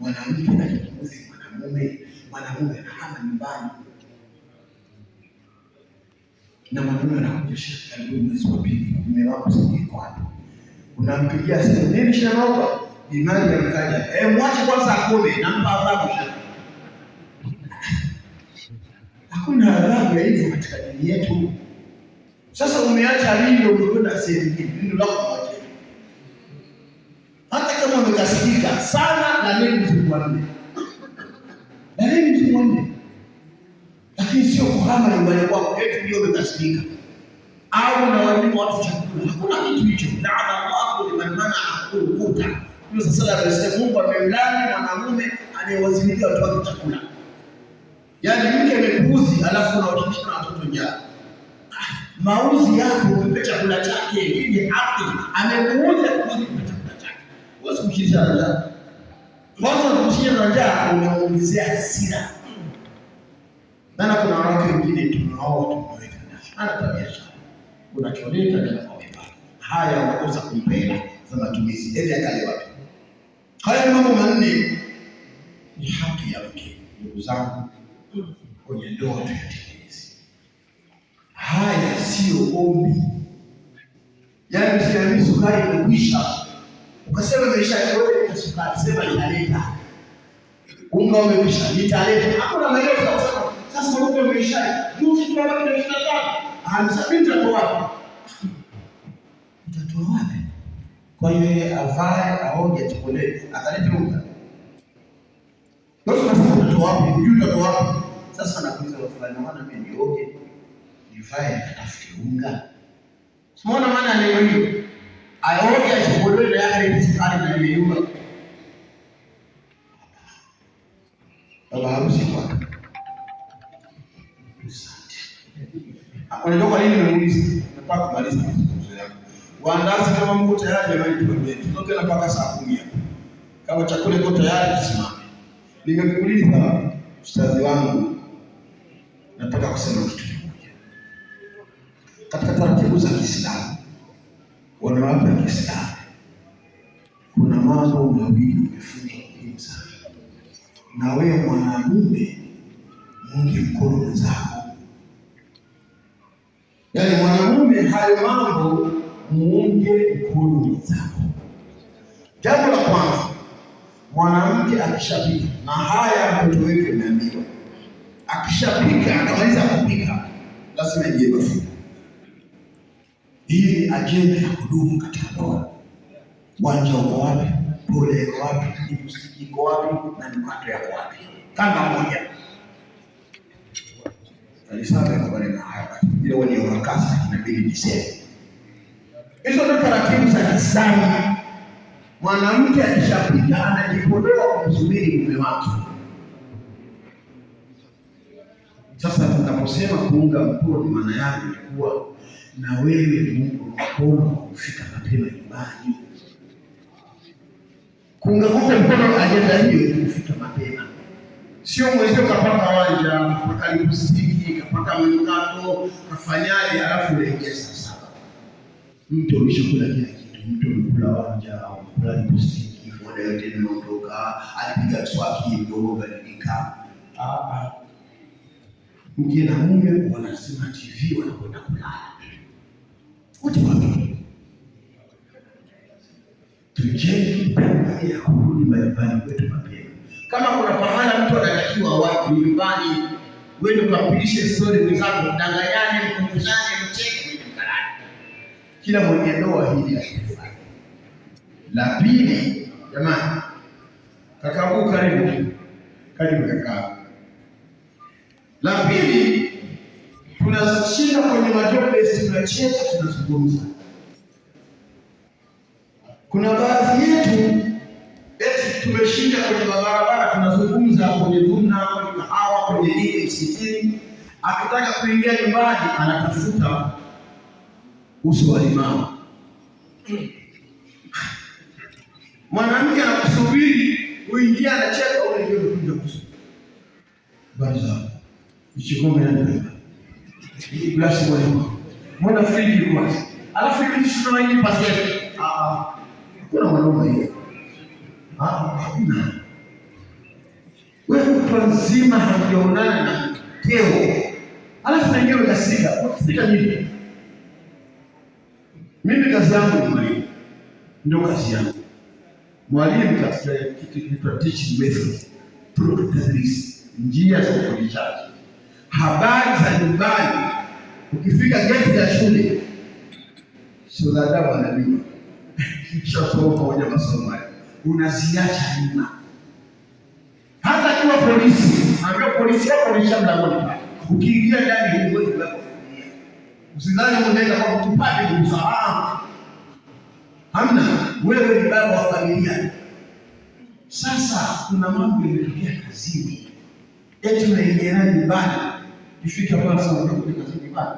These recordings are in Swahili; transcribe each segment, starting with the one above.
mwanamke na kiongozi mwanamume, mwanamume hana nyumbani na mwanamume anakuja shaka ndio mwezi wa pili, mume wako sijui kwapi, unampigia simu, mimi shanaomba imani amkaja, eh, mwache kwanza akome, nampa adhabu shaka. Hakuna adhabu ya hivyo katika dini yetu. Sasa umeacha lindo umekwenda sehemu nyingine, ndio lako mwache, hata kama umekasirika sana Danieli mfungu wa nne, Danieli mfungu wa nne, lakini sio kuhama nyumbani kwako eti ndio umekasirika au na walimu watu chakula. Hakuna kitu hicho, laana Allahu liman manaa al Hiyo sasa sala alisema Mungu amemlaani mwanamume anayewazimilia watu wake chakula. Yaani mke amekuuzi alafu unawakilisha na watoto njaa. Mauzi yako umpe chakula chake ili haki. Amekuuza kuuzi chakula chake. Wewe usikishana Mwanzo kutisha na njaa unaongezea hasira. Maana kuna wanawake wengine tunaoa tumeweka na hana tabia sana. Unachoneta bila kuwepa. Haya unakosa kumpenda za matumizi. Hela akale wapi? Haya mambo manne ni haki ya mke. Ndugu zangu, kwenye ndoa tuyatekeleze. Haya sio ombi. Yaani, siamini sukari imekwisha ukasema maisha wewe sema nitaleta unga umekwisha, nitaleta hakuna maelezo ya kusema sasa unga umeisha, nusu tu ambapo ni shida ah Anasema mimi nitatoa wapi? Nitatoa wapi? Kwa hiyo yeye avae aonge tukonde akaleta unga. Nusu nasema nitatoa wapi? Ndio nitatoa wapi? Sasa anakuuliza watu fulani, maana mimi nioge nivae nitafute unga. Unaona maana ya neno hilo? അയോഗ്യ ഒരു ലേഖനിയുമ unajua kwa nini nimuuliza? Nataka kumaliza mazungumzo yangu. Waandazi kama mko tayari jamani, tuambie tutoke na paka saa kumi hapo. Kama chakula iko tayari tusimame. Nimekuuliza ustadhi wangu, nataka kusema kitu kimoja katika taratibu za Kiislamu Wanawake wa kuna mambo mawili yamefunza muhimu sana, na wewe mwanamume munge mkono mwenzako, yaani mwanamume, hayo mambo muunge mkono mwenzako. Jambo la kwanza, mwanamke akishapika, na haya mtoto wetu umeambiwa, akishapika akamaliza kupika, lazima ingie bafuni hii ni ajenda ya kudumu katika ndoa. Wanja uko wapi? Pole iko wapi? Muziki iko wapi? na mikato yako wapi? Kanga moja hizo ndio taratibu za Kiislamu. Mwanamke akishapika anajipodoa kumsubiri mume wake. Sasa tunaposema kuunga mkono, maana yake ni kuwa na wewe niunga mkono wa kufika mapema nyumbani, kuunga mkono ajenda hiyo ni kufika mapema, sio mwenzio kapaka wanja kapaka lipstiki kapaka manukato kafanyaje, alafu unaingia saa saba, mtu ulishakula kila kitu, mtu ulikula wanja, umekula lipstiki, muda yote inaondoka, alipiga mswaki, mdomo badilika ah, ah mke na mume wanazima TV wanakwenda kulala wote wawili. Tujenge tabia ya kurudi majumbani kwetu mapema. Kama kuna pahala mtu anatakiwa wapi nyumbani, wewe ukampilishe stori mwenzako, mdanganyane, mkumbuzane, mcheke mkalani. Kila mwenye ndoa hili asifanye. La pili, jamani, kakaangu karibu, karibu kakaa la pili, tunashinda kwenye majobesi, tunacheza, tunazungumza. Kuna baadhi yetu eti tumeshinda kwenye mabarabara, tunazungumza kwenye dhumna, kwenye kahawa, kwenye nini, msikitini. Akitaka kuingia nyumbani, anatafuta uso wa limamu. Mwanamke anakusubiri uingia anacheka, unaingia kuja bali baraza Nichukome na ndio. Hii glass kwa hiyo. Mbona friji kwanza? Alafu Kristo tunaona hii pasi ah, ah. Kuna mwanaume hiyo. Ah, hakuna. Wewe mtu mzima hajaonana na keo. Alafu na ndio kasika. Kasika nini? Mimi kazi yangu ni mwalimu. Ndio kazi yangu. Mwalimu katika kitu kinaitwa teaching method. Protocol njia za kufundishaji habari za nyumbani, ukifika geti ya shule sio za sodadamu anajua kishasomoja masomo hayo unaziacha nyuma. Hata kiwa polisi ambia polisi yako unaisha mlangoni pale, ukiingia ndani huoni mlango, usidhani unaenda kwa kupata kumfahamu. Hamna, wewe ni baba wa familia. Sasa kuna mambo yametokea kazini, eti unaingia ndani bado ifike hapa sasa, ndio kazini bana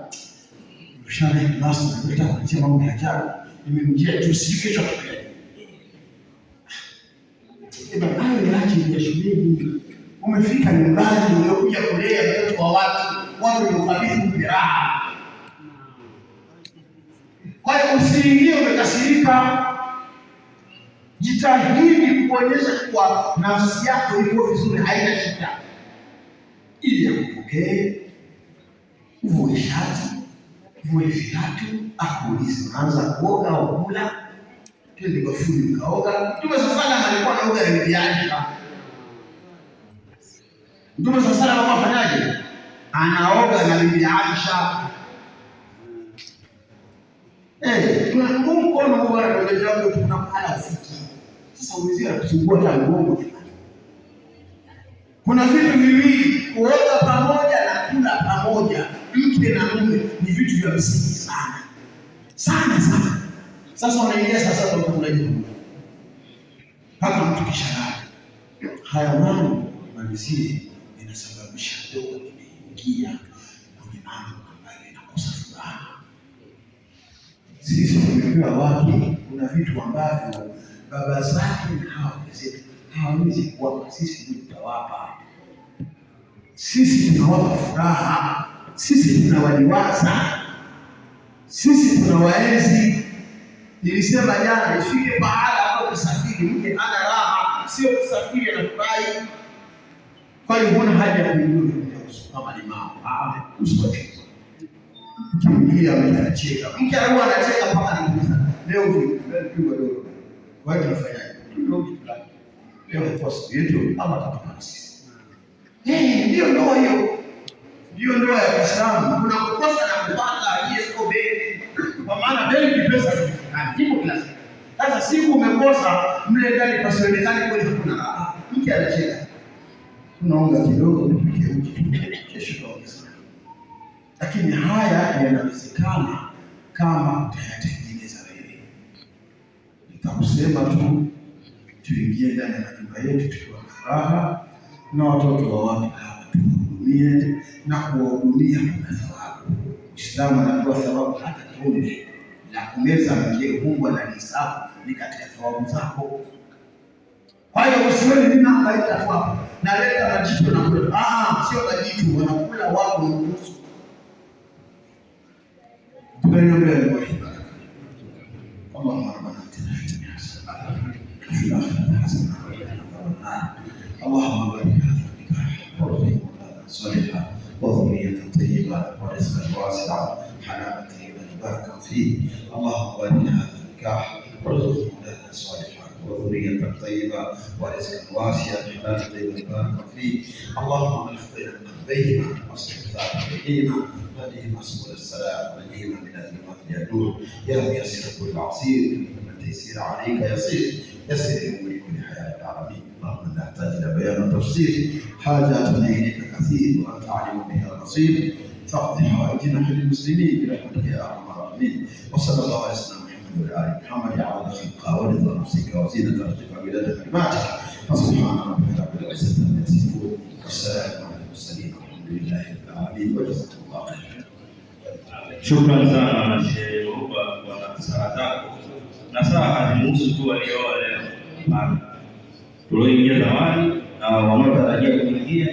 mshana nasi ndio kutia mambo ya ajabu, nimemjia tu sijui kesho tukija. Eba eh, hali yake ya shuleni, umefika nyumbani, umekuja kulea mtoto wa watu, watu ndio kabisa firaha. Kwa hiyo usiingie umekasirika, jitahidi kuonyesha kuwa nafsi yako iko vizuri, haina shida, ili akupokee uwe shati uwe viatu, akuuliza unaanza kuoga au kula? Twende bafuni mkaoga. Mtume sasana alikuwa naoga na bibi yake. Mtume sasana alikuwa afanyaje? Anaoga na bibi Aisha. Eh, kuna mkono huu bwana ndio jambo kuna pala ufiki. Sasa umeziwa kusumbua hata mgongo. Kuna vitu viwili kuoga kike na mume ni vitu vya msingi sana sana sana. Sasa wanaingia sasa kwa mtumiaji mmoja hapa mtukisha gari haya mambo malizie, inasababisha ndoa imeingia kwenye mambo ambayo inakosa furaha. Sisi tumepewa wapi? Kuna vitu ambavyo baba zake na hawa zetu hawawezi kuwapa, sisi tutawapa. Sisi tunawapa furaha sisi tunawaliwaza, sisi tunawaenzi. Nilisema jana, ifike pahala ambapo kusafiri mke ana raha, sio kusafiri anafurahi. Kwa hiyo huna haja ya kuinuka kama ni mama ah, usipocheza kimlia, mke anacheka, mke anakuwa anacheka mpaka anakuza leo vipi, leo pigwa dogo, kwa hiyo tunafanyaje? Ndio kitu leo, kwa sababu yetu ama tutakuwa sisi eh, ndio ndoa hiyo hiyo ndoa ya Kiislamu kuna kukosa na kupata, aliye or benki, kwa maana benki pesa zipo kila siku. Sasa siku umekosa mle ndani pasionekane kweli, hakuna raha. mke anacheka, unaonga kidogo nipike uji kesho kaongeza, lakini haya yanawezekana kama utayatengeneza wewe. Nitakusema tu tuingie ndani ya majumba yetu tukiwa na furaha na watoto wa watu hawa tu kuhudumia na kuwahudumia kuna sababu. Mwislamu anatoa sababu, hata tone la kumeza mkeo Mungu analihesabu ni katika sababu zako. Kwa hiyo usioni mimi hapa itakuwa naleta majitu na kula. Ah, sio majitu wanakula wao ni kuhusu. Tunaenda mbele. فيه اللهم بارك هذا النكاح وارزقه صالحا وذرية طيبة ورزقا واسعا حلالا طيبا بارك فيه اللهم الف بين قلبيهما واصلح ذات بينهما ونهما سبل السلام ونهما من الذنوب يدور يا ميسر كل عصير من تيسير عليك يصير يسر الامور كل حياه العالمين اللهم لا احتاج الى بيان وتفصيل حاجات من كثير وانت اعلم بها بصير تقضي حوائجنا في المسلمين برحمتك يا ارحم الراحمين وصلى الله على سيدنا محمد وعلى ال محمد على خلقه ورضا نفسك وزينة رزقك وجنة نعمتك فسبحان ربك رب العزة عما يصفون والسلام على المرسلين والحمد لله رب العالمين وجزاك الله خيرا Shukran sana Sheikh Ruba kwa nasaha zako. Nasaha hazimuhusu tu walioa leo, tuloingia zamani na wanaotarajia kuingia